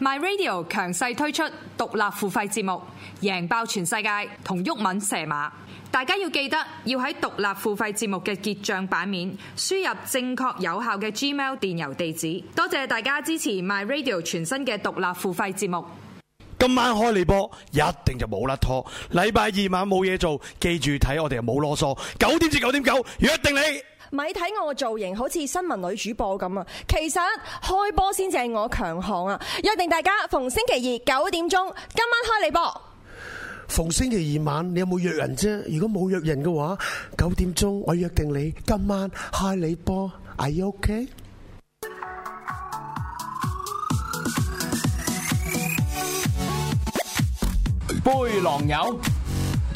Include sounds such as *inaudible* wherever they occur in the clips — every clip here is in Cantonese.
My Radio 強勢推出獨立付費節目，贏爆全世界同毓民射馬。大家要記得要喺獨立付費節目嘅結賬版面輸入正確有效嘅 Gmail 電郵地址。多謝大家支持 My Radio 全新嘅獨立付費節目。今晚開嚟播，一定就冇甩拖。禮拜二晚冇嘢做，記住睇我哋又冇囉嗦。九點至九點九，約定你。咪睇我個造型好似新聞女主播咁啊！其實開波先至係我強項啊！約定大家逢星期二九點鐘，今晚開你波。逢星期二晚，你，期二晚你有冇約人啫？如果冇約人嘅話，九點鐘我約定你，今晚開你波，Are you OK？杯狼友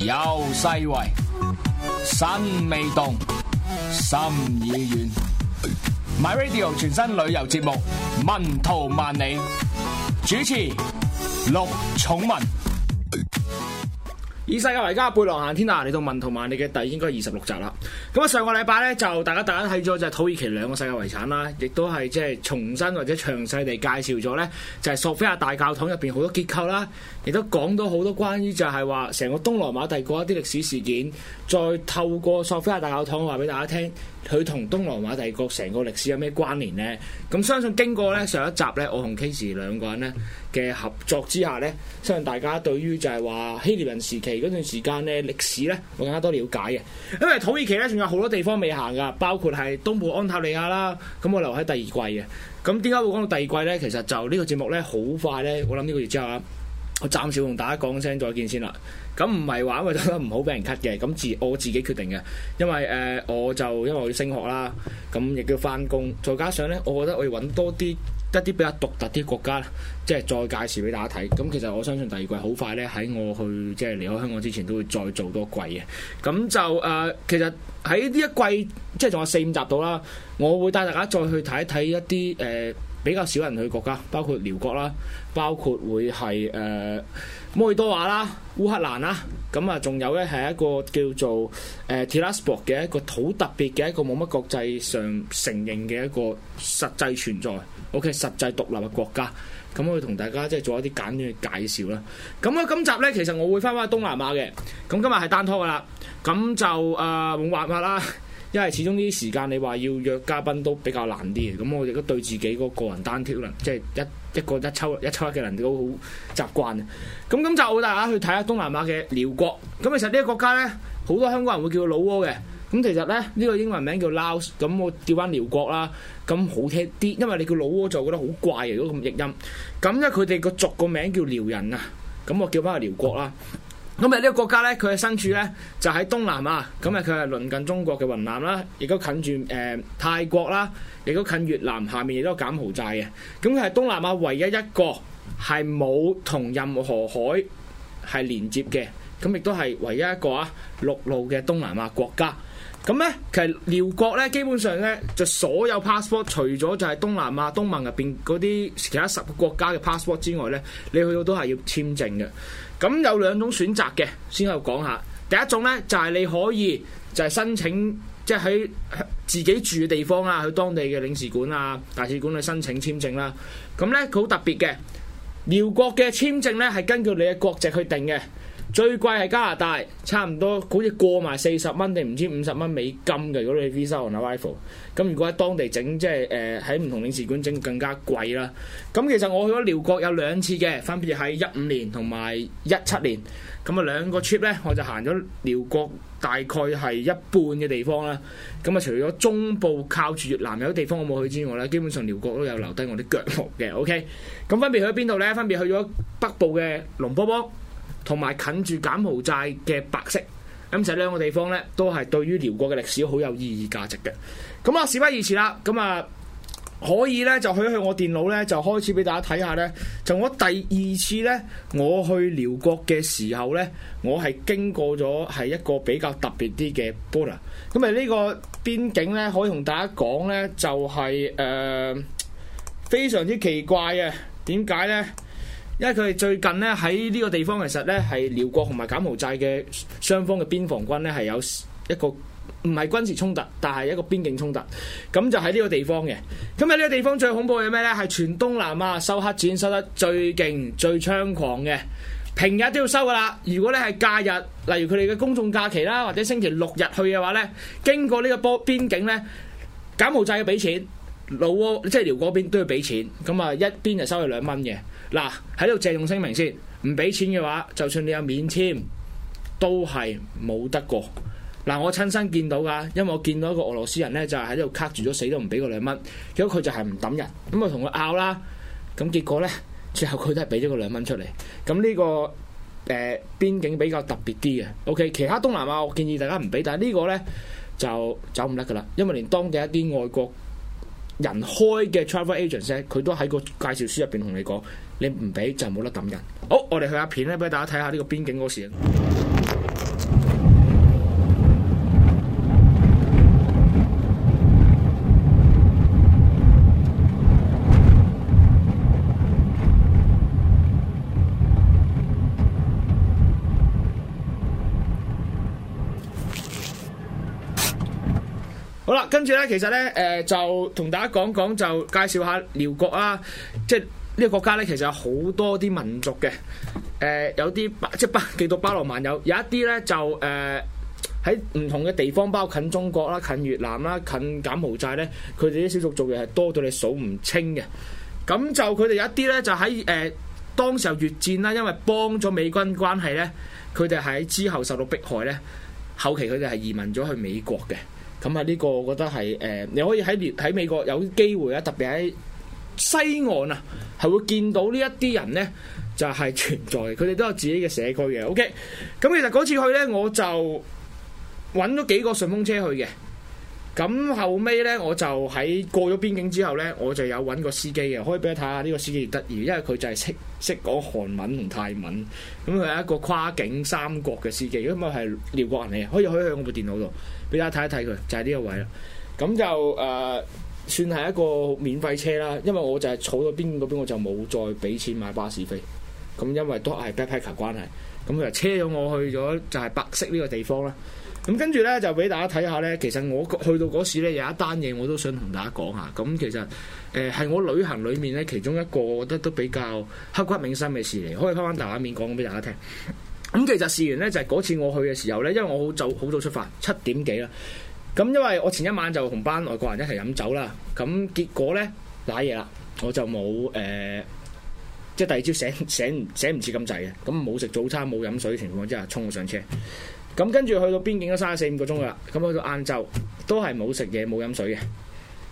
有細圍，身未動。心已遠，My Radio 全新旅遊節目《文圖萬里》，主持：陸寵文。以世界為家，背囊行天下，嚟到文圖萬里嘅第應該二十六集啦。咁啊，上個禮拜呢，就大家大家睇咗就土耳其兩個世界遺產啦，亦都係即係重新或者詳細地介紹咗呢，就係索菲亞大教堂入邊好多結構啦，亦都講到好多關於就係話成個東羅馬帝國一啲歷史事件，再透過索菲亞大教堂話俾大家聽，佢同東羅馬帝國成個歷史有咩關聯呢？咁相信經過呢，上一集呢，我同 Case 兩個人呢。嘅合作之下咧，相信大家對於就係話希臘人時期嗰段時間咧，歷史咧，會更加多了解嘅。因為土耳其咧，仲有好多地方未行㗎，包括係東部安塔利亞啦。咁我留喺第二季嘅。咁點解會講到第二季咧？其實就呢個節目咧好快咧。我諗呢個月之後啊，我暫時同大家講聲再見先啦。咁唔係話因為覺得唔好俾人 cut 嘅，咁自我自己決定嘅。因為誒、呃、我就因為我要升學啦，咁亦都要返工，再加上咧，我覺得我要揾多啲。一啲比較獨特啲國家，即係再介紹俾大家睇。咁其實我相信第二季好快咧，喺我去即係離開香港之前，都會再做多季嘅。咁就誒、呃，其實喺呢一季即係仲有四五集度啦。我會帶大家再去睇一睇一啲誒比較少人去嘅國家，包括寮國啦，包括會係誒、呃、摩爾多瓦啦、烏克蘭啦。咁啊，仲有咧係一個叫做誒帖拉斯博嘅一個好特別嘅一個冇乜國際上承認嘅一個實際存在。O.K. 實際獨立嘅國家，咁我會同大家即係做一啲簡單嘅介紹啦。咁啊，今集咧其實我會翻翻東南亞嘅，咁今日係單拖嘅啦。咁就誒冇辦法啦，因為始終呢啲時間你話要約嘉賓都比較難啲嘅。咁我亦都對自己嗰個個人單挑啦，即係一一個一抽一抽一嘅人哋都好習慣嘅。咁今集我哋啊去睇下東南亞嘅寮國。咁其實呢個國家咧，好多香港人會叫佢老撾嘅。咁其實咧，呢、這個英文名叫 Laos，咁我叫翻寮國啦，咁好聽啲，因為你叫老撾就覺得好怪啊！如果咁譯音，咁咧佢哋個族個名叫寮人啊，咁我叫翻係寮國啦。咁啊呢個國家咧，佢嘅身處咧就喺東南亞，咁啊佢係鄰近中國嘅雲南啦，亦都近住誒、呃、泰國啦，亦都近越南，下面亦都係柬埔寨嘅。咁佢係東南亞唯一一個係冇同任何海係連接嘅，咁亦都係唯一一個啊陸路嘅東南亞國家。咁咧，其實寮國咧，基本上咧就所有 passport 除咗就係東南亞、東盟入邊嗰啲其他十個國家嘅 passport 之外咧，你去到都係要簽證嘅。咁有兩種選擇嘅，先去講下。第一種咧就係、是、你可以就係申請，即係喺自己住嘅地方啊，去當地嘅領事館啊、大使館去申請簽證啦。咁咧佢好特別嘅，寮國嘅簽證咧係根據你嘅國籍去定嘅。最貴係加拿大，差唔多好似過埋四十蚊定唔知五十蚊美金嘅，如果你 Visa on arrival。咁如果喺當地整，即係誒喺唔同領事館整，更加貴啦。咁其實我去咗寮國有兩次嘅，分別係一五年同埋一七年。咁啊兩個 trip 咧，我就行咗寮國大概係一半嘅地方啦。咁啊，除咗中部靠住越南有啲地方我冇去之外咧，基本上寮國都有留低我啲腳毛嘅。OK，咁分別去咗邊度咧？分別去咗北部嘅龍波波。同埋近住柬埔寨嘅占巴色，咁就呢兩個地方呢，都係對於寮國嘅歷史好有意義價值嘅。咁、嗯、啊，事不宜遲啦，咁、嗯、啊可以呢，就去去我電腦呢，就開始俾大家睇下呢。就我第二次呢，我去寮國嘅時候呢，我係經過咗係一個比較特別啲嘅 border。咁啊呢個邊境呢，可以同大家講呢，就係、是、誒、呃、非常之奇怪啊，點解呢？因為佢哋最近咧喺呢個地方，其實咧係寮國同埋柬埔寨嘅雙方嘅邊防軍咧係有一個唔係軍事衝突，但係一個邊境衝突。咁就喺呢個地方嘅。咁喺呢個地方最恐怖嘅咩咧？係全東南亞收黑錢收得最勁、最猖狂嘅。平日都要收噶啦。如果咧係假日，例如佢哋嘅公眾假期啦，或者星期六日去嘅話咧，經過呢個波邊境咧，柬埔寨要俾錢。老撾即係寮國嗰邊都要俾錢，咁啊一邊就收佢兩蚊嘅嗱。喺度借用聲明先，唔俾錢嘅話，就算你有免簽都係冇得過嗱。我親身見到噶，因為我見到一個俄羅斯人咧，就係喺度卡住咗，死都唔俾個兩蚊。如果佢就係唔抌人咁啊，同佢拗啦咁，結果咧最後佢都係俾咗個兩蚊出嚟。咁呢、呢個誒、呃、邊境比較特別啲嘅。O.K. 其他東南亞我建議大家唔俾，但係呢個咧就走唔甩噶啦，因為連當地一啲外國。人開嘅 travel agent 咧，佢都喺個介紹書入邊同你講，你唔俾就冇得揼人。好，我哋去下片咧，俾大家睇下呢個邊境嗰時。好啦，跟住咧，其實咧，誒、呃、就同大家講講，就介紹下寮國啦。即係呢個國家咧，其實有好多啲民族嘅，誒、呃、有啲即係巴，記到巴羅曼有，有一啲咧就誒喺唔同嘅地方，包括近中國啦、近越南啦、近柬埔寨咧，佢哋啲小族做嘢係多到你數唔清嘅。咁就佢哋有一啲咧，就喺誒、呃、當時候越戰啦，因為幫咗美軍關係咧，佢哋喺之後受到迫害咧，後期佢哋係移民咗去美國嘅。咁啊，呢個我覺得係誒、呃，你可以喺喺美國有機會啊，特別喺西岸啊，係會見到呢一啲人咧，就係、是、存在，佢哋都有自己嘅社區嘅。OK，咁其實嗰次去咧，我就揾咗幾個順風車去嘅，咁後尾咧我就喺過咗邊境之後咧，我就有揾個司機嘅，可以俾你睇下呢個司機幾得意，因為佢就係、是、識。識講韓文同泰文，咁佢係一個跨境三國嘅司機，咁啊係寮國人嚟嘅，可以可以喺我部電腦度俾大家睇一睇佢，就係呢個位啦。咁就誒、呃、算係一個免費車啦，因為我就係坐咗邊嗰邊，我就冇再俾錢買巴士飛。咁因為都係 backpacker 關係，咁佢就車咗我去咗就係占巴色呢個地方啦。咁跟住咧就俾大家睇下咧，其實我去到嗰時咧有一單嘢我都想同大家講下。咁其實誒係我旅行裡面咧其中一個，我覺得都比較刻骨銘心嘅事嚟，可以翻翻大畫面講俾大家聽。咁其實事緣咧就係、是、嗰次我去嘅時候咧，因為我好早好早出發，七點幾啦。咁因為我前一晚就同班外國人一齊飲酒啦，咁結果咧賴嘢啦，我就冇誒、呃，即係第二朝醒醒醒唔似咁滯嘅，咁冇食早餐冇飲水情況之下，衝我上車。咁跟住去到邊境都三、四、五個鐘噶啦，咁去到晏晝都係冇食嘢、冇飲水嘅。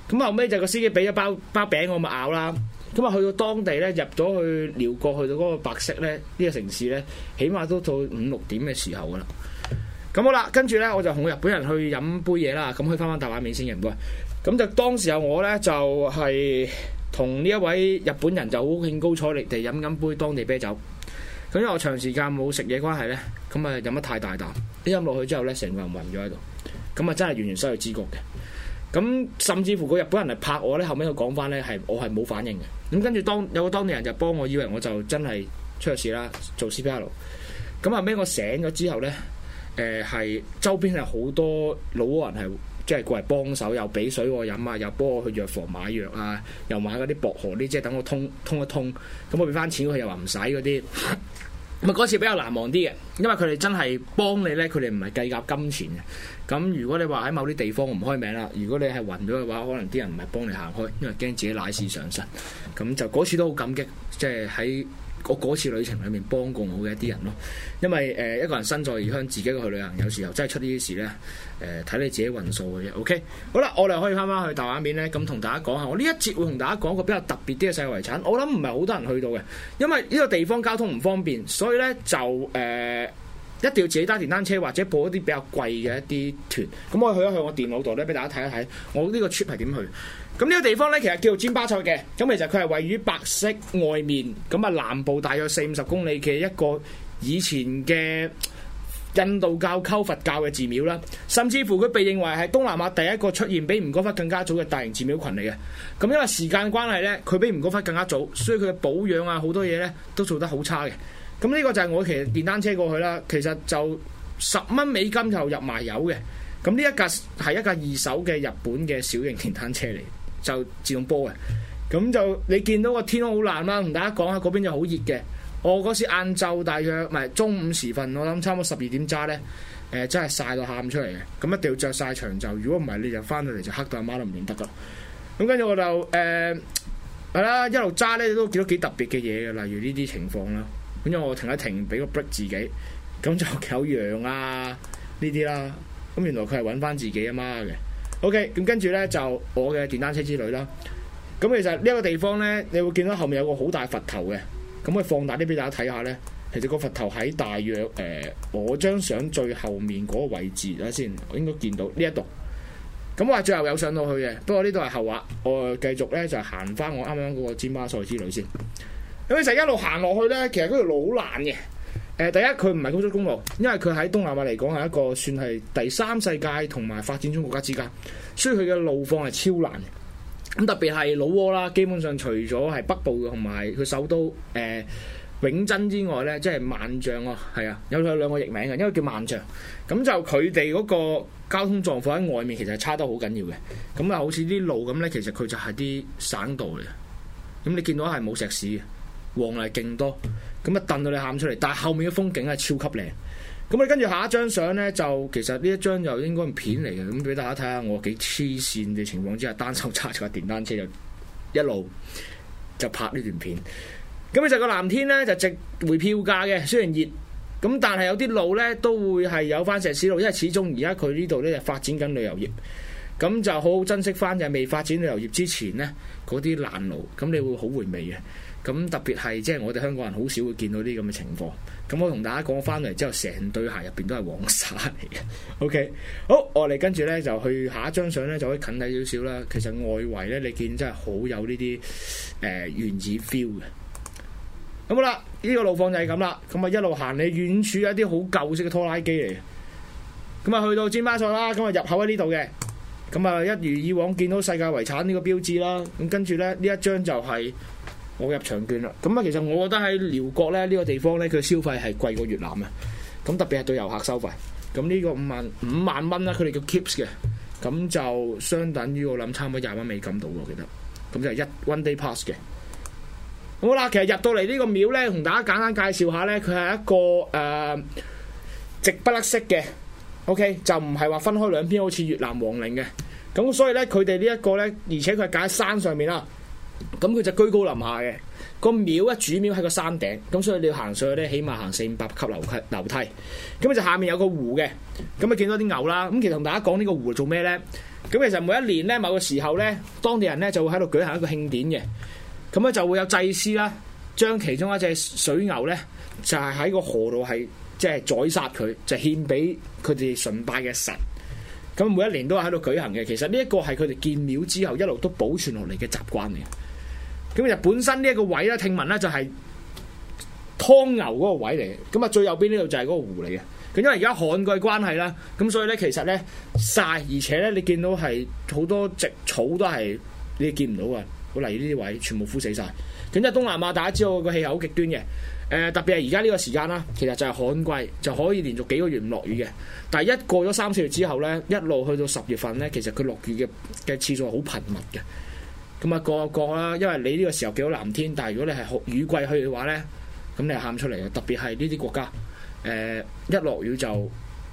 咁後尾就個司機俾咗包包餅我咪咬啦。咁啊去到當地咧，入咗去寮國去到嗰個巴色咧呢個城市咧，起碼都到五六點嘅時候噶啦。咁好啦，跟住咧我就同日本人去飲杯嘢啦。咁可以翻翻大碗麵先嘅唔該。咁就當時候我咧就係同呢一位日本人就好興高采烈地飲緊杯當地啤酒。咁因為我長時間冇食嘢關係咧，咁啊飲得太大啖，一飲落去之後咧，成個人暈咗喺度，咁啊真係完全失去知覺嘅。咁甚至乎個日本人嚟拍我咧，後尾佢講翻咧係我係冇反應嘅。咁跟住當有個當地人就幫我，以為我就真係出咗事啦，做 CPR。咁後尾我醒咗之後咧，誒、呃、係周邊係好多老人係。即係過嚟幫手，又俾水我飲啊，又幫我去藥房買藥啊，又買嗰啲薄荷啲，即係等我通通一通。咁我俾翻錢佢，又話唔使嗰啲。咁啊嗰次比較難忘啲嘅，因為佢哋真係幫你咧，佢哋唔係計較金錢嘅。咁如果你話喺某啲地方我唔開名啦，如果你係暈咗嘅話，可能啲人唔係幫你行開，因為驚自己乃屎上身。咁就嗰次都好感激，即係喺我嗰次旅程裏面幫過我嘅一啲人咯，因為誒一個人身在異鄉自己去旅行，有時候真係出呢啲事呢，誒、呃、睇你自己運數嘅啫。OK，好啦，我哋可以翻返去大畫面呢，咁同大家講下，我呢一節會同大家講個比較特別啲嘅世界遺產，我諗唔係好多人去到嘅，因為呢個地方交通唔方便，所以呢就誒。呃一定要自己揸電單車或者報一啲比較貴嘅一啲團。咁我去一去我電腦度咧，俾大家睇一睇我呢個 trip 係點去。咁呢個地方咧，其實叫做占巴色嘅。咁其實佢係位於巴色外面咁啊南部大約四五十公里嘅一個以前嘅印度教，摳佛教嘅寺廟啦。甚至乎佢被認為係東南亞第一個出現比吳哥窟更加早嘅大型寺廟群嚟嘅。咁因為時間關係咧，佢比吳哥窟更加早，所以佢嘅保養啊好多嘢咧都做得好差嘅。咁呢個就係我騎電單車過去啦。其實就十蚊美金就入埋油嘅。咁呢一架係一架二手嘅日本嘅小型電單車嚟，就自動波嘅。咁就你見到個天空好藍啦。同大家講下，嗰邊就好熱嘅。我嗰時晏晝，大約唔係中午時分，我諗差唔多十二點揸咧。誒、呃、真係曬到喊出嚟嘅。咁一定要著曬長袖。如果唔係，你就翻到嚟就黑到阿媽，媽都唔認得噶。咁跟住我就誒係啦，一路揸咧都見到幾特別嘅嘢嘅，例如呢啲情況啦。咁樣我停一停，俾個 break 自己，咁就有羊啊呢啲啦。咁原來佢係揾翻自己阿媽嘅。OK，咁跟住咧就我嘅電單車之旅啦。咁其實呢一個地方咧，你會見到後面有個好大佛頭嘅。咁我放大啲俾大家睇下咧。其實個佛頭喺大約誒、呃，我張相最後面嗰個位置。睇先，我應該見到呢一度。咁我話最後有上到去嘅，不過呢度係後話。我繼續咧就行、是、翻我啱啱嗰個占巴色之旅先。咁你成一路行落去咧，其實嗰條路好難嘅。誒，第一佢唔係高速公路，因為佢喺東南亞嚟講係一個算係第三世界同埋發展中國家之間，所以佢嘅路況係超難嘅。咁特別係老撾啦，基本上除咗係北部嘅同埋佢首都誒、呃、永珍之外咧，即係萬象喎，係啊，有有兩個譯名嘅，因為叫萬象。咁就佢哋嗰個交通狀況喺外面其實係差得好緊要嘅。咁啊，好似啲路咁咧，其實佢就係啲省道嚟嘅。咁你見到係冇石屎嘅。旺嚟勁多，咁啊，掟到你喊出嚟。但係後面嘅風景係超級靚，咁你跟住下一張相咧，就其實呢一張又應該係片嚟嘅，咁俾大家睇下我幾黐線嘅情況之下，單手揸住架電單車就一路就拍呢段片。咁咧就個藍天咧就值回票價嘅，雖然熱，咁但係有啲路咧都會係有翻石屎路，因為始終而家佢呢度咧就發展緊旅遊業，咁就好好珍惜翻就係未發展旅遊業之前咧嗰啲爛路，咁你會好回味嘅。咁特別係即係我哋香港人好少會見到呢啲咁嘅情況。咁我同大家講翻嚟之後，成對鞋入邊都係黃沙嚟嘅。OK，好，我哋跟住咧就去下一張相咧，就可以近睇少少啦。其實外圍咧，你見真係好有呢啲誒原子 feel 嘅。咁好啦，呢、這個路況就係咁啦。咁啊一路行，你遠處有一啲好舊式嘅拖拉機嚟嘅。咁啊去到占巴色啦，咁啊入口喺呢度嘅。咁啊一如以往見到世界遺產呢個標誌啦。咁跟住咧呢一張就係、是。我入場券啦，咁啊，其實我覺得喺寮國咧呢、呢個地方咧，佢消費係貴過越南呀，咁特別係對遊客收費。咁呢個五萬五萬蚊啦，佢哋叫 kips 嘅，咁就相等於我諗差唔多廿蚊美金到我記得。咁就係一 one day pass 嘅。好啦，其實入到嚟呢個廟咧，同大家簡單介紹下咧，佢係一個誒、呃，直不甩色嘅。OK，就唔係話分開兩邊，好似越南皇陵嘅。咁所以咧，佢哋呢一個咧，而且佢係建喺山上面啊。咁佢就居高臨下嘅，個廟一主廟喺個山頂，咁所以你要行上去咧，起碼行四五百級樓梯。咁咪就下面有個湖嘅，咁咪見到啲牛啦。咁其實同大家講呢個湖做咩咧？咁其實每一年咧，某個時候咧，當地人咧就會喺度舉行一個慶典嘅。咁咧就會有祭司啦，將其中一隻水牛咧就係、是、喺個河度係即係宰殺佢，就獻俾佢哋崇拜嘅神。咁每一年都係喺度舉行嘅。其實呢一個係佢哋建廟之後一路都保存落嚟嘅習慣嚟。咁啊，本身呢一個位咧，聽聞咧就係湯牛嗰個位嚟嘅。咁啊，最右邊呢度就係嗰個湖嚟嘅。咁因為而家旱季關係啦，咁所以咧其實咧晒。而且咧你見到係好多植草都係你見唔到嘅。好例如呢啲位，全部枯死晒。咁因為東南亞大家知道個氣候好極端嘅，誒、呃、特別係而家呢個時間啦，其實就係旱季，就可以連續幾個月唔落雨嘅。但係一過咗三四月之後咧，一路去到十月份咧，其實佢落雨嘅嘅次數係好頻密嘅。咁啊，各有各啦。因為你呢個時候幾好藍天，但係如果你係雨季去嘅話咧，咁你係喊出嚟嘅。特別係呢啲國家，誒、呃，一落雨就唔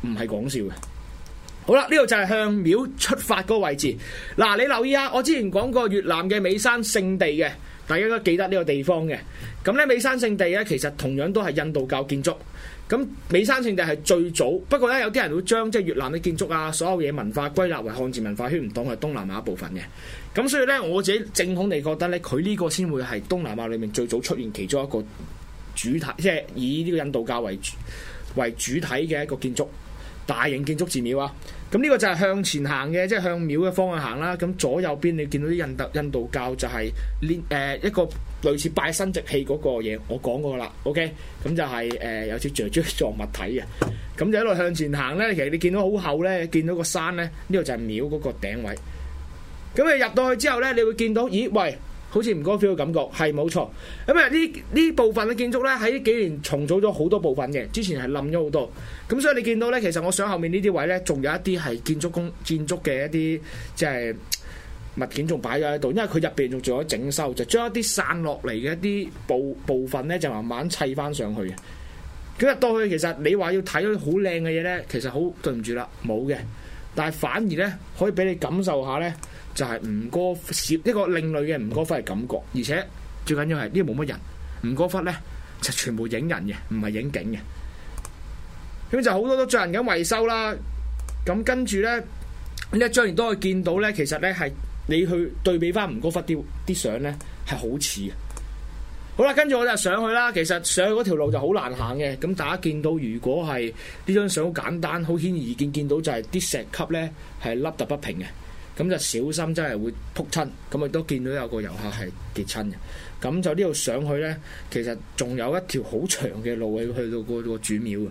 係講笑嘅。好啦，呢度就係向廟出發嗰個位置。嗱，你留意下，我之前講過越南嘅美山聖地嘅。大家都記得呢個地方嘅，咁咧美山聖地咧其實同樣都係印度教建築，咁美山聖地係最早，不過咧有啲人會將即係越南嘅建築啊，所有嘢文化歸納為漢字文化圈，唔當係東南亞一部分嘅，咁所以咧我自己正統地覺得咧，佢呢個先會係東南亞裏面最早出現其中一個主題，即係以呢個印度教為主為主體嘅一個建築。大型建築寺廟啊，咁呢個就係向前行嘅，即係向廟嘅方向行啦。咁左右邊你見到啲印特印度教就係連誒一個類似拜生殖器嗰個嘢，我講過啦。OK，咁就係誒有似雀雀狀物體嘅，咁就一路向前行咧。其實你見到好後咧，見到個山咧，呢度就係廟嗰個頂位。咁你入到去之後咧，你會見到，咦喂！好似唔該 feel 嘅感覺，係冇錯。咁啊，呢呢部分嘅建築咧，喺呢幾年重組咗好多部分嘅，之前係冧咗好多。咁所以你見到咧，其實我想後面呢啲位咧，仲有一啲係建築工建築嘅一啲即係物件仲擺咗喺度，因為佢入邊仲做咗整修，就將一啲散落嚟嘅一啲部部分咧，就慢慢砌翻上去嘅。咁入到去，其實你話要睇到好靚嘅嘢咧，其實好對唔住啦，冇嘅。但係反而咧，可以俾你感受下咧。就係吳哥窟呢個另類嘅吳哥窟嘅感覺，而且最緊要係呢個冇乜人。吳哥窟咧就全部影人嘅，唔係影景嘅。咁就好多都進行緊維修啦。咁跟住咧呢一張，亦都可以見到咧，其實咧，係你去對比翻吳哥窟啲啲相咧，係好似嘅。好啦，跟住我就上去啦。其實上去嗰條路就好難行嘅。咁大家見到如果係呢張相好簡單，好顯而易見，見到就係啲石級咧，係凹凸不平嘅。咁就小心真，真係會撲親。咁啊，都見到有個遊客係跌親嘅。咁就呢度上去咧，其實仲有一條好長嘅路嘅，去到個主廟嘅。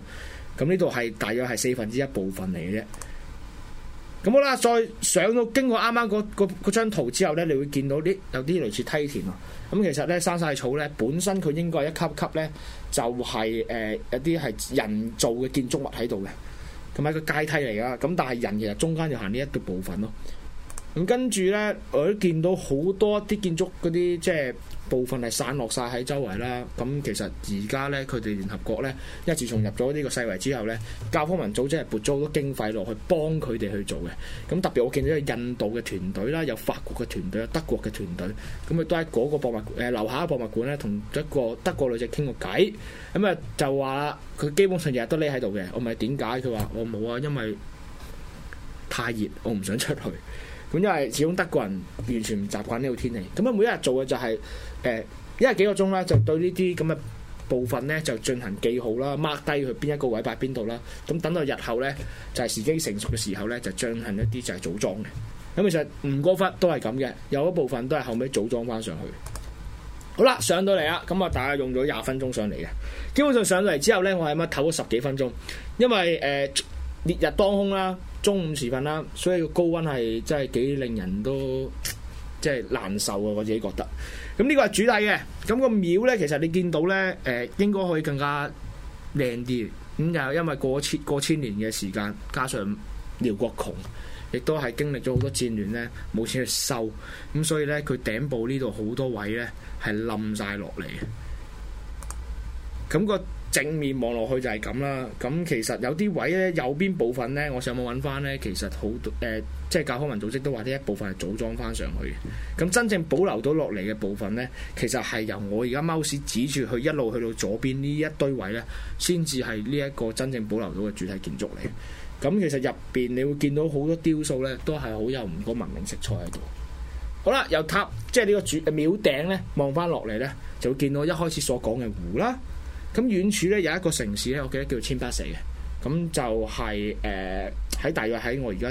咁呢度係大約係四分之一部分嚟嘅啫。咁好啦，再上到經過啱啱嗰嗰張圖之後咧，你會見到啲有啲類似梯田啊。咁其實咧，山曬草咧，本身佢應該係一級一級咧就係誒有啲係人造嘅建築物喺度嘅，係個階梯嚟噶。咁但係人其實中間要行呢一個部分咯。咁跟住咧，我都見到好多啲建築嗰啲，即係部分係散落晒喺周圍啦。咁、嗯、其實而家咧，佢哋聯合國咧，因為自從入咗呢個世遺之後咧，教科文組織係撥咗好多經費落去幫佢哋去做嘅。咁、嗯、特別我見到一個印度嘅團隊啦，有法國嘅團隊，有德國嘅團隊，咁、嗯、佢都喺嗰個博物誒樓、呃、下嘅博物館咧，同一個德國女仔傾過偈。咁、嗯、啊就話佢基本上日日都匿喺度嘅。我問點解，佢話我冇啊，因為太熱，我唔想出去。本因係始終德國人完全唔習慣呢個天氣，咁啊每一日做嘅就係誒一日幾個鐘啦，就對呢啲咁嘅部分咧就進行記號啦，mark 低佢邊一個位擺邊度啦，咁等到日後咧就係時機成熟嘅時候咧就進行一啲就係組裝嘅。咁其實吳哥窟都係咁嘅，有一部分都係後尾組裝翻上去。好啦，上到嚟啦，咁啊大家用咗廿分鐘上嚟嘅，基本上上嚟之後咧，我係乜唞咗十幾分鐘，因為誒烈日當空啦。中午時分啦，所以個高溫係真係幾令人都即係難受啊！我自己覺得。咁呢個係主體嘅，咁個廟咧，其實你見到咧，誒應該可以更加靚啲。咁又因為過千過千年嘅時間，加上寮國窮，亦都係經歷咗好多戰亂咧，冇錢去修，咁所以咧佢頂部呢度好多位咧係冧曬落嚟嘅。咁個。正面望落去就係咁啦，咁其實有啲位咧，右邊部分咧，我上網揾翻咧，其實好多、呃，即係教科文組織都話呢一部分係組裝翻上去嘅。咁真正保留到落嚟嘅部分咧，其實係由我而家貓屎指住佢一路去到左邊呢一堆位咧，先至係呢一個真正保留到嘅主體建築嚟。咁其實入邊你會見到好多雕塑咧，都係好有唔多文明色彩喺度。好啦，由塔，即係呢個主廟頂咧，望翻落嚟咧，就會見到一開始所講嘅湖啦。咁遠處咧，有一個城市咧，我記得叫做占巴色嘅。咁就係誒喺大約喺我而家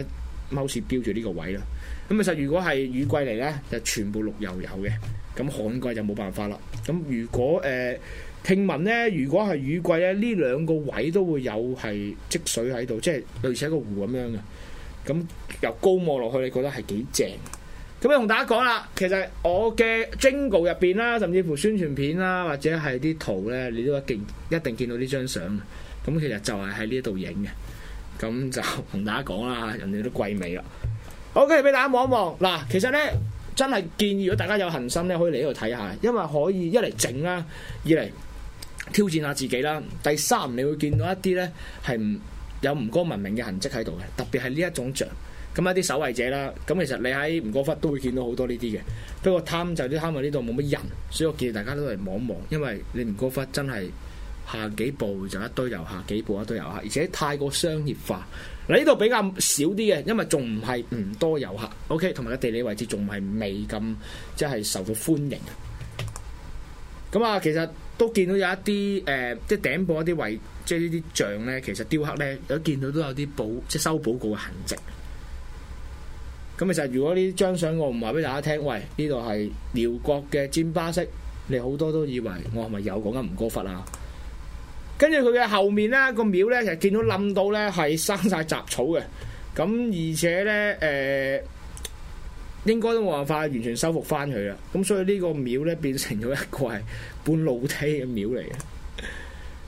踎住標住呢個位咯。咁其實如果係雨季嚟咧，就全部綠油油嘅。咁旱季就冇辦法啦。咁如果誒、呃、聽聞咧，如果係雨季咧，呢兩個位都會有係積水喺度，即係類似一個湖咁樣嘅。咁由高望落去，你覺得係幾正？咁啊，同大家講啦，其實我嘅 Jingle 入邊啦，甚至乎宣傳片啦，或者係啲圖咧，你都一定一定見到呢張相。咁其實就係喺呢一度影嘅。咁就同大家講啦，人哋都貴美啦。OK，俾大家望一望。嗱，其實咧，真係建議如果大家有恒心咧，可以嚟呢度睇下，因為可以一嚟整啦，二嚟挑戰下自己啦。第三，你會見到一啲咧係唔有唔高文明嘅痕跡喺度嘅，特別係呢一種像。咁一啲守衞者啦，咁其實你喺吳哥窟都會見到好多呢啲嘅。不過貪就啲貪喎，呢度冇乜人，所以我建議大家都嚟望一望，因為你吳哥窟真係行幾步就一堆遊客，幾步一堆遊客，而且太過商業化。你呢度比較少啲嘅，因為仲唔係唔多遊客。OK，同埋個地理位置仲係未咁即係受到歡迎。咁啊，其實都見到有一啲誒，即係頂部一啲位，即係呢啲像咧，其實雕刻咧，有見到都有啲補即係修補過嘅痕跡。咁其實如果呢張相我唔話俾大家聽，喂呢度係寮國嘅占巴色，你好多都以為我係咪有講緊吳哥窟啊？跟住佢嘅後面咧個廟咧其實，見到冧到咧，係生晒雜草嘅，咁而且咧誒，應該都冇辦法完全修復翻佢啦。咁所以呢個廟咧變成咗一個係半露梯嘅廟嚟嘅。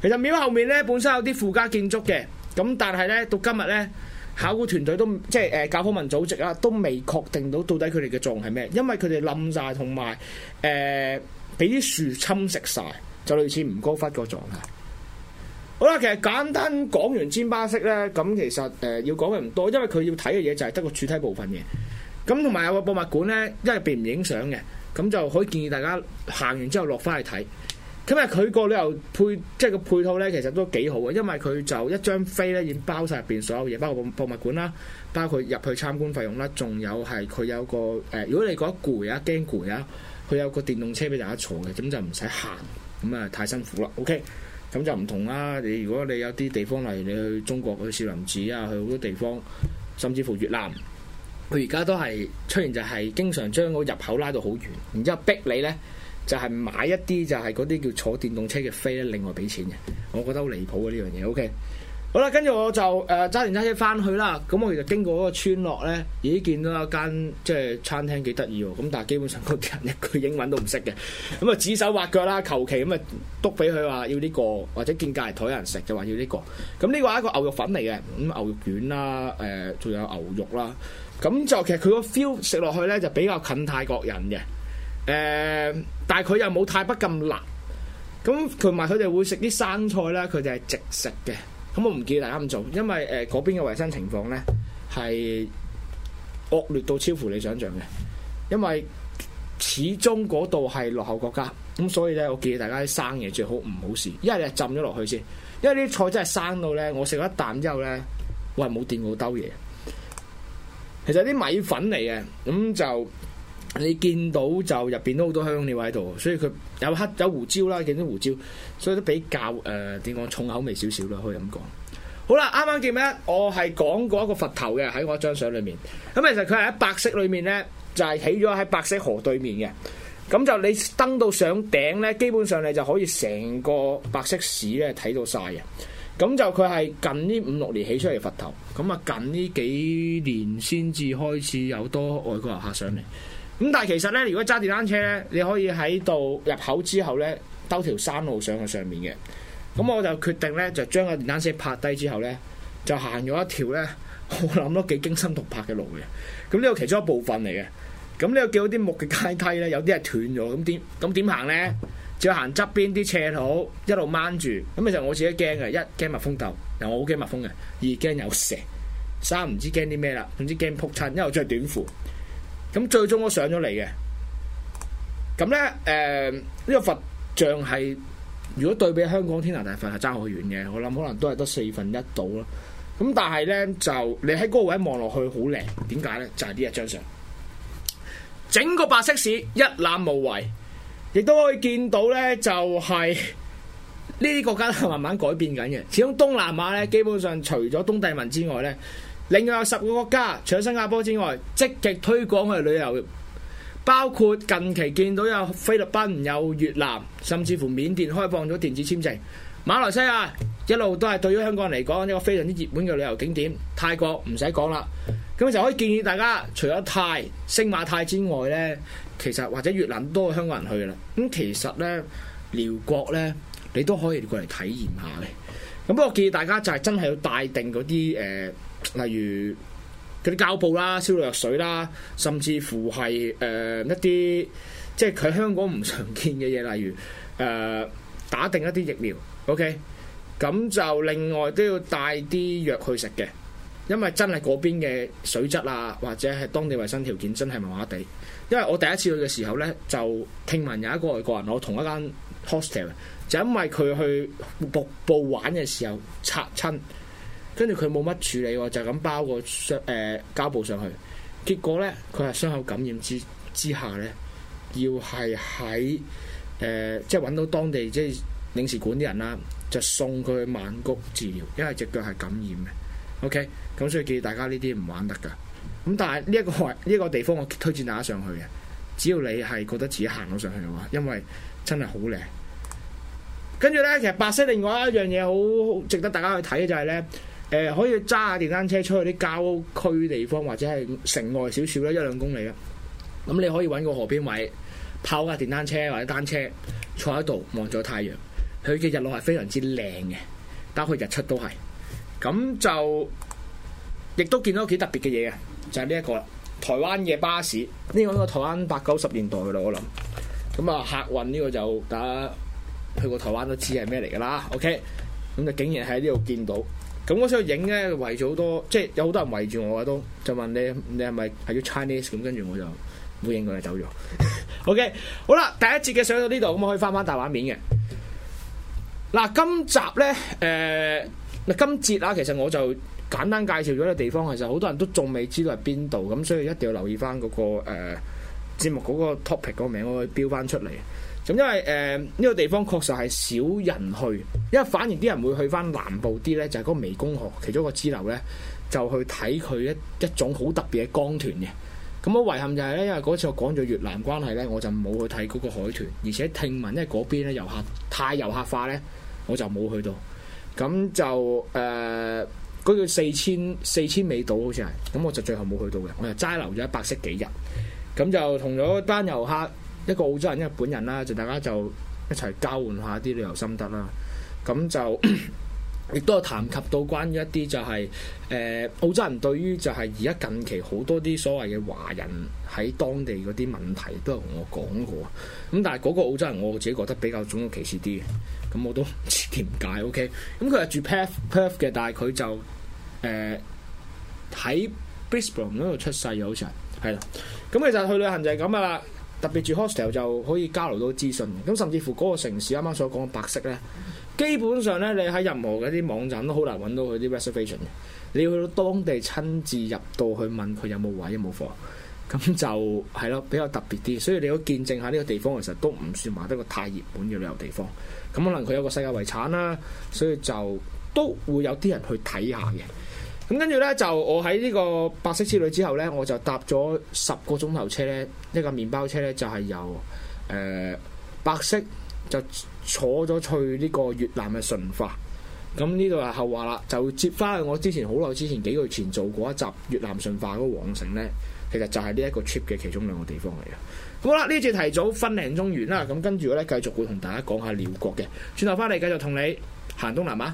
其實廟後面咧本身有啲附加建築嘅，咁但係咧到今日咧。考古團隊都即係誒，教科文組織啊，都未確定到到底佢哋嘅狀係咩，因為佢哋冧晒，同埋誒俾啲樹侵蝕晒，就類似吳哥窟個狀態。好啦，其實簡單講完占巴色咧，咁其實誒要講嘅唔多，因為佢要睇嘅嘢就係得個主體部分嘅。咁同埋有個博物館咧，因為入邊唔影相嘅，咁就可以建議大家行完之後落翻去睇。今日佢個旅遊配，即係個配套咧，其實都幾好嘅，因為佢就一張飛咧已經包晒入邊所有嘢，包括博物館啦，包括入去參觀費用啦，仲有係佢有個誒、呃，如果你覺得攰啊、驚攰啊，佢有個電動車俾大家坐嘅，咁就唔使行，咁啊太辛苦啦。OK，咁就唔同啦。你如果你有啲地方例如你去中國去少林寺啊，去好多地方，甚至乎越南，佢而家都係出現就係經常將個入口拉到好遠，然之後逼你咧。就係買一啲就係嗰啲叫坐電動車嘅飛咧，另外俾錢嘅，我覺得好離譜嘅呢樣嘢。OK，好啦，跟住我就誒揸完車翻去啦。咁我其實經過嗰個村落咧，已經見到一間即係餐廳幾得意喎。咁但係基本上嗰啲人一句英文都唔識嘅，咁啊指手畫腳啦，求其咁啊督俾佢話要呢個，或者見隔離台有人食就話要呢個。咁呢個係一個牛肉粉嚟嘅，咁牛肉丸啦，誒仲有牛肉啦。咁就其實佢個 feel 食落去咧就比較近泰國人嘅。誒、呃，但係佢又冇泰北咁辣，咁同埋佢哋會食啲生菜咧，佢哋係直食嘅。咁我唔建議大家咁做，因為誒嗰、呃、邊嘅衞生情況咧係惡劣到超乎你想像嘅。因為始終嗰度係落後國家，咁所以咧我建議大家啲生嘢最好唔好試，因為你浸咗落去先，因為啲菜真係生到咧，我食咗一啖之後咧，我係冇掂過兜嘢。其實啲米粉嚟嘅，咁就。你見到就入邊都好多香料喺度，所以佢有黑有胡椒啦，見到胡椒，所以都比較誒，點講重口味少少啦。可以咁講。好啦，啱啱見咩？我係講過一個佛頭嘅喺我一張相裏面，咁其實佢係喺白色裏面咧，就係起咗喺白色河對面嘅。咁就你登到上頂咧，基本上你就可以成個白色市咧睇到晒嘅。咁就佢係近呢五六年起出嚟嘅佛頭，咁啊近呢幾年先至開始有多外國遊客上嚟。咁但係其實咧，如果揸電單車咧，你可以喺度入口之後咧，兜條山路上去上面嘅。咁我就決定咧，就將個電單車拍低之後咧，就行咗一條咧，我諗都幾驚心動魄嘅路嘅。咁呢個其中一部分嚟嘅。咁呢個叫啲木嘅階梯咧，有啲係斷咗，咁點咁點行咧？只有行側邊啲斜路一，一路掹住。咁啊，就我自己驚嘅，一驚蜜蜂竇，嗱我好驚蜜蜂嘅，二驚有蛇，三唔知驚啲咩啦，總之驚撲親，因為我着短褲。咁最終都上咗嚟嘅，咁咧，誒，呢個佛像係如果對比香港天壇大佛係爭好遠嘅，我諗可能都係得四分一度啦。咁但係咧，就你喺嗰個位望落去好靚，點解咧？就係呢一張相，整個巴色市一覽無遺，亦都可以見到咧，就係呢啲國家係慢慢改變緊嘅。始終東南亞咧，基本上除咗東帝汶之外咧。另外有十個國家，除咗新加坡之外，積極推廣去旅遊，包括近期見到有菲律賓、有越南，甚至乎緬甸開放咗電子簽證。馬來西亞一路都係對於香港人嚟講一個非常之熱門嘅旅遊景點。泰國唔使講啦，咁就可以建議大家除咗泰、星馬泰之外呢，其實或者越南都多香港人去嘅啦。咁其實呢，寮國呢，你都可以過嚟體驗下嘅。咁不過建議大家就係真係要帶定嗰啲誒。呃例如嗰啲膠布啦、消毒藥水啦，甚至乎係誒、呃、一啲即係喺香港唔常見嘅嘢，例如誒、呃、打定一啲疫苗。OK，咁就另外都要帶啲藥去食嘅，因為真係嗰邊嘅水質啊，或者係當地衞生條件真係麻麻地。因為我第一次去嘅時候咧，就聽聞有一個外國人，我同一間 hostel，就因為佢去瀑布玩嘅時候擦親。拆跟住佢冇乜處理喎，就咁包個上誒膠布上去。結果咧，佢係傷口感染之之下咧，要係喺誒即係揾到當地即係領事館啲人啦，就送佢去曼谷治療，因為隻腳係感染嘅。OK，咁所以建議大家呢啲唔玩得噶。咁但係呢一個呢一個地方，我推薦大家上去嘅，只要你係覺得自己行到上去嘅話，因為真係好靚。跟住咧，其實巴色另外一樣嘢好值得大家去睇嘅就係咧。誒可以揸下電單車出去啲郊區地方，或者係城外少少咧，一兩公里啦。咁你可以揾個河邊位，拋下電單車或者單車，坐喺度望咗太陽，佢嘅日落係非常之靚嘅。包括日出都係咁，就亦都見到幾特別嘅嘢啊！就係呢一個啦，台灣嘅巴士，呢個應該台灣八九十年代嘅咯，我諗咁啊，客運呢個就大家去過台灣都知係咩嚟㗎啦。OK，咁就竟然喺呢度見到。咁我想去影咧，圍住好多，即係有好多人圍住我啊，都就問你，你係咪係要 Chinese？咁跟住我就冇影佢哋走咗。 *laughs* OK，好啦，第一節嘅上到呢度，咁我可以翻翻大畫面嘅。嗱，今集咧，誒，嗱，今節啊，其實我就簡單介紹咗一個地方，其實好多人都仲未知道係邊度，咁所以一定要留意翻、那、嗰個誒、呃、節目嗰個 topic 個名，我會標翻出嚟。咁因為誒呢、呃這個地方確實係少人去，因為反而啲人會去翻南部啲咧，就係、是、嗰個湄公河其中一個支流咧，就去睇佢一一種好特別嘅江豚嘅。咁我遺憾就係咧，因為嗰次我講咗越南關係咧，我就冇去睇嗰個海豚，而且聽聞因為嗰邊咧遊客太遊客化咧，我就冇去到。咁就誒嗰、呃那個、叫四千四千美島好似係，咁我就最後冇去到嘅，我就齋留咗占巴色幾日。咁就同咗班遊客。一個澳洲人、日本人啦，就大家就一齊交換一下啲旅遊心得啦。咁就亦 *coughs* 都有談及到關於一啲就係、是、誒、呃、澳洲人對於就係而家近期好多啲所謂嘅華人喺當地嗰啲問題都係同我講過。咁但係嗰個澳洲人我自己覺得比較種族歧視啲嘅，咁我都唔知點解。OK，咁佢係住 Perth Perth 嘅，但係佢就誒喺、呃、Brisbane 嗰度出世嘅，好似係係啦。咁其實去旅行就係咁啊啦。特別住 hostel 就可以交流到資訊，咁甚至乎嗰個城市啱啱所講嘅占巴色咧，基本上咧你喺任何嘅啲網站都好難揾到佢啲 reservation 嘅，你要去到當地親自入到去問佢有冇位有冇貨，咁就係咯，比較特別啲，所以你都見證下呢個地方其實都唔算話得個太熱門嘅旅遊地方。咁可能佢有個世界遺產啦，所以就都會有啲人去睇下嘅。咁跟住呢，就我喺呢個巴色之旅之後呢，我就搭咗十個鐘頭車呢一架麪包車呢，就係、是、由誒、呃、巴色就坐咗去呢個越南嘅順化。咁呢度係後話啦，就接翻我之前好耐之前幾個月前做過一集越南順化嗰個皇城呢，其實就係呢一個 trip 嘅其中兩個地方嚟嘅。好啦，呢次提早分零鐘完啦。咁跟住呢，繼續會同大家講下寮國嘅。轉頭翻嚟，繼續同你行東南亞。